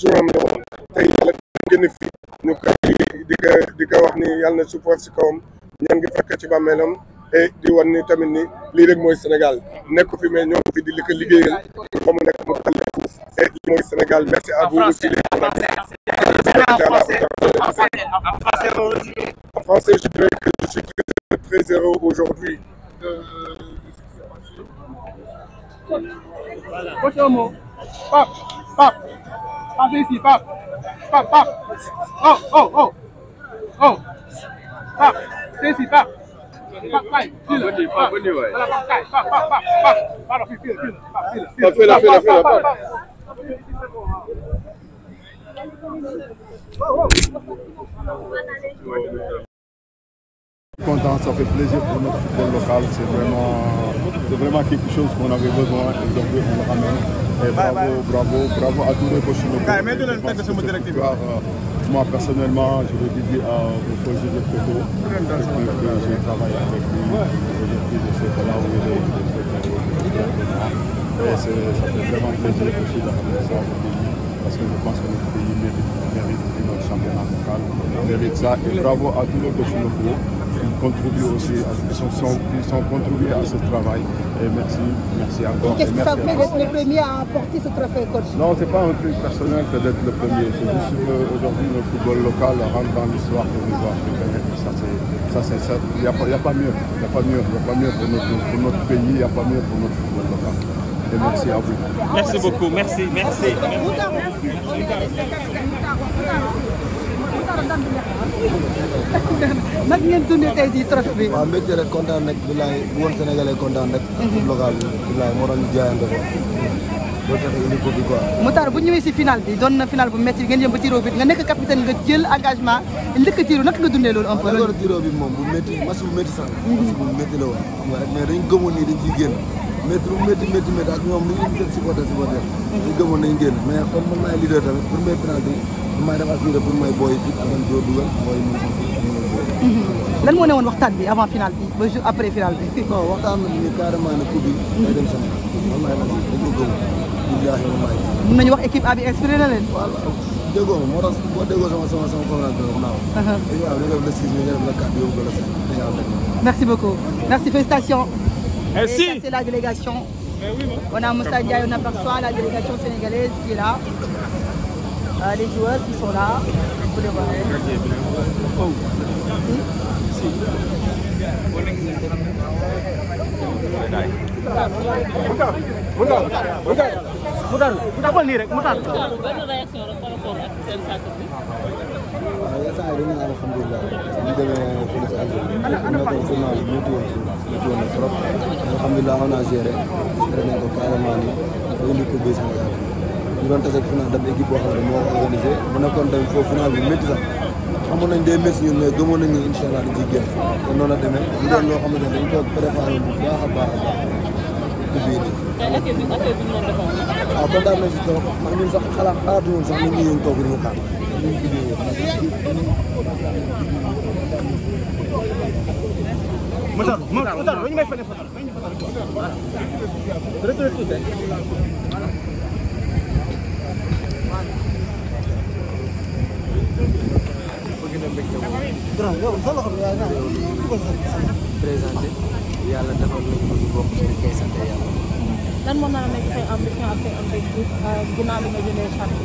suñu am la woon tey yàlla génn fii ñu di di ko wax ni yàlla na suuf si kawam ñan ngi fekk ci bàmmeelam et di wan ni tamit ni lii rek mooy Sénégal nekk fi mais ñoo fi di li ko liggéeyal fa mooy Sénégal merci à vous aussi les en français je dirais je suis très très aujourd'hui euh, Passez ici, pape. Pape, pape. Oh, oh, oh. Oh. Pape. C'est ici, pape. Pape, pape. File. Pape, voilà, pape, pape, pape, pape, pape. Pardon, file, file, file. Pape, file. File, file, file, pape. Content, ça fait plaisir pour notre football local, c'est vraiment, vraiment quelque chose qu'on avait besoin et donc on le ramène. Eh, bravo, bravo, a à tous les coachs. Euh, moi, personnellement, je veux dédier à mon Joseph Coto, que j'ai travaillé avec lui, depuis de ce là où il est. Et ça fait vraiment plaisir aussi d'apprendre ça au pays, parce que je pense que notre pays mérite, mérite notre championnat local, mérite ça. Et bravo à tous les coachs locaux. ils euh, contribuent aussi, à, sont, contribués à ce travail. Et merci, merci encore. Qu'est-ce d'être le premier à apporter ce trophée, coach Non, ce pas un truc personnel que d'être le premier. C'est juste qu'aujourd'hui, le football local rentre dans l'histoire de l'histoire africaine. Ça, c'est, ça, il n'y a, a, pas mieux. a a pour notre, pays, il n'y a pas mieux pour notre football Et merci à vous. Merci beaucoup. nag ngeen dundee tey jii trophée bi. waaw mbégte rek kontaan nag bilaay bu woon sénégalais kontaan rek. Mhm. local bi bilaay moo doon jaayante ko. mu fexe bu ñëwee si final bi doon na bu métti ngeen jëm ba bi nga nekk capitaine nga jël engagement a tiro naka nga dundee loolu. un peu loolu tiro bi moom bu métti match bu métti sax. Mhm. match bu métti la woon xam rek mais dañ gëmoon nii dañ ciy génn. métti lu métti métti métti ak ñoom lu ñu def supporter supporter ñu gëmoon nañ génn mais comme man maay leader tamit pour may penalty bi maay def assuré pour may booy fit aman joo dugal booy mun mhm. lan moo ne woon waxtaan bi avant finale bi ba jour après finale bi non waxtaan nañu ni carrément ne coupe bi day dem sama man maay nag dañ ko gëm billahi wallahi mën nañu wax équipe A bi inspiré na leen déggoo ma moo tax boo déggoo sama sama sama conférence bi naaw uh-huh. waaw li nga def le six mi nga def le quatre yóbbu la merci beaucoup merci félicitations Merci. Et c'est la délégation. On a Moussa Ndiaye, on aperçoit la délégation sénégalaise qui est là. Euh, les joueurs qui sont là. Vous les voyez. Moutar, Moutar, Moutar, Moutar, Moutar, Moutar, Moutar, Moutar, Moutar, Moutar, Moutar, Moutar, seen sàkk bi. waaw yenn saa yi dañu naan alhamdulilah ñu demee fële si Algérie ñu nekkoon tournoi bi métti woon métti woon na trop alhamdulilah on a géré géré nañ ko carrément nii ba indi coupe bi Sénégal ñu doon tase final dem équipe boo xam ne moo ko mu nekkoon tamit foofu final bi métti sax xamoon nañ day métti ñun mais gëmoon nañ ne incha allah dañ ciy génn te noonu la demee ñu doon loo xamante ne dañ ko préparé bu baax a baax a baax coupe bii nii waaw kontaan nañ si trop ndax ñun sax xalaat xalaatu woon sax ñu ngi yéen toog di ñu xaar ñu ngi Matar Matar ñu may fene Matar retourné tuuti présenté yàlla dafa am lu ñu bokk suñu koy sant yàlla lan moo a nekk say ambition ak say objectif euh, ginnaaw bi nga jëlee charte.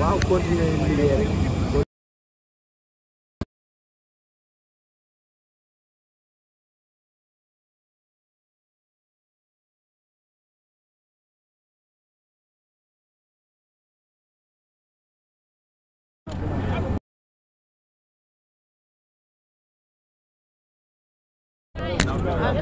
waaw continuer liggéey rek.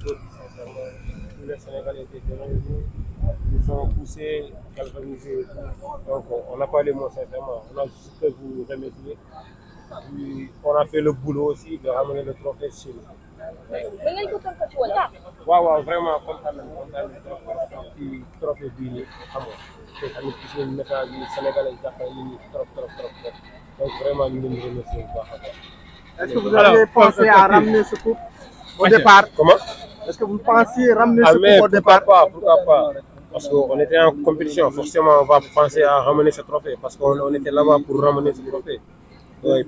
tous les Sénégalais étaient devant nous. Ils nous ont poussés, galvanisés. Donc, on n'a pas les mots, On a juste que vous remercier. on a fait le boulot aussi de ramener le trophée chez nous. da vraiment kontaan nañu kontaan trop ci trophée bii nii xam nga te tamit gis nañu message yi sénégalais yi jàppale trop trop trop donc vraiment ñu ngi leen di a baax. est-ce au départ. Comment est que vous ah, pas, Parce qu'on était en compétition, forcément on va penser à ramener ce trophée, parce qu'on était là-bas pour ramener ce trophée.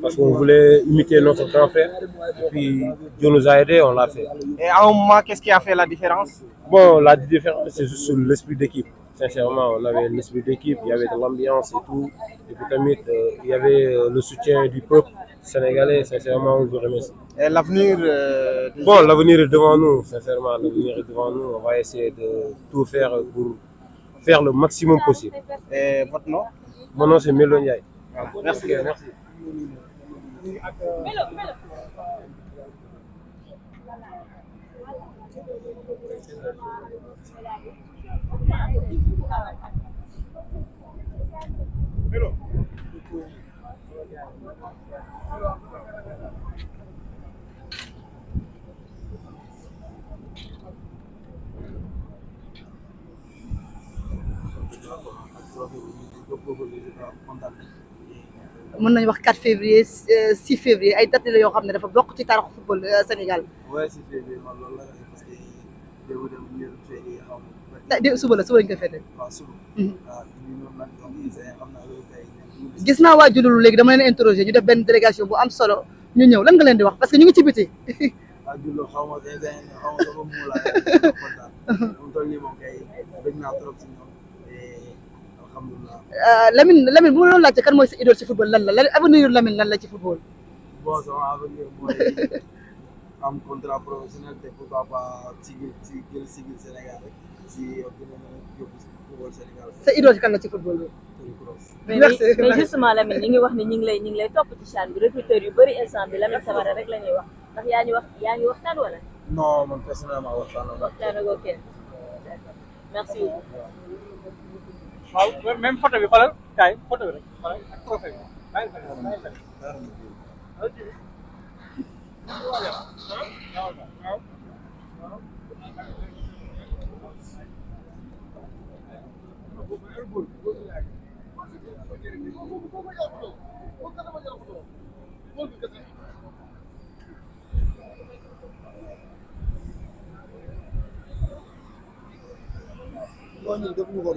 parce qu'on voulait imiter notre grand frère. Et puis nous a aidés, on l'a fait. Et à un moment, qu'est-ce qui a fait la différence Bon, la différence, c'est juste l'esprit d'équipe. Sincèrement, on avait l'esprit d'équipe, il y avait de l'ambiance et tout. Et puis tamit, euh, avait euh, le soutien du peuple sénégalais. Sincèrement, on vous remercie. Et l'avenir euh, devant nous, sincèrement. L'avenir devant nous. On va essayer de tout faire pour faire le maximum possible. Et votre nom c'est Melo mën nañu wax 4 février 6 euh, février ay dates la yoo xam ne dafa bokk ci taarixu football euh, Sénégal. de suba la suba lañ koy fete gis naa waa Jululu léegi dama leen interroger ñu def benn délégation bu am solo ñu ñëw lan nga leen di wax parce que ñu ngi ci biti Lamine Lamine bu ma loolu laajte kan mooy sa idole ci football lan la lan avenir Lamine lan la ci football bon sama sa idol ci kan la ci football bi. mais justement Lamine wax ni ñu ngi ñu ngi lay topp ci chan bi recruteur yu bëri instant bi Lamine Camara rek la ñuy wax ndax yaa ngi wax yaa ngi waxtaan wala. non man personnellement waxtaanoo. waxtaanoo ok merci beaucoup. waaw même photo bi xoolal bi rek xoolal ak trophée bi bàyyi Bueno, yo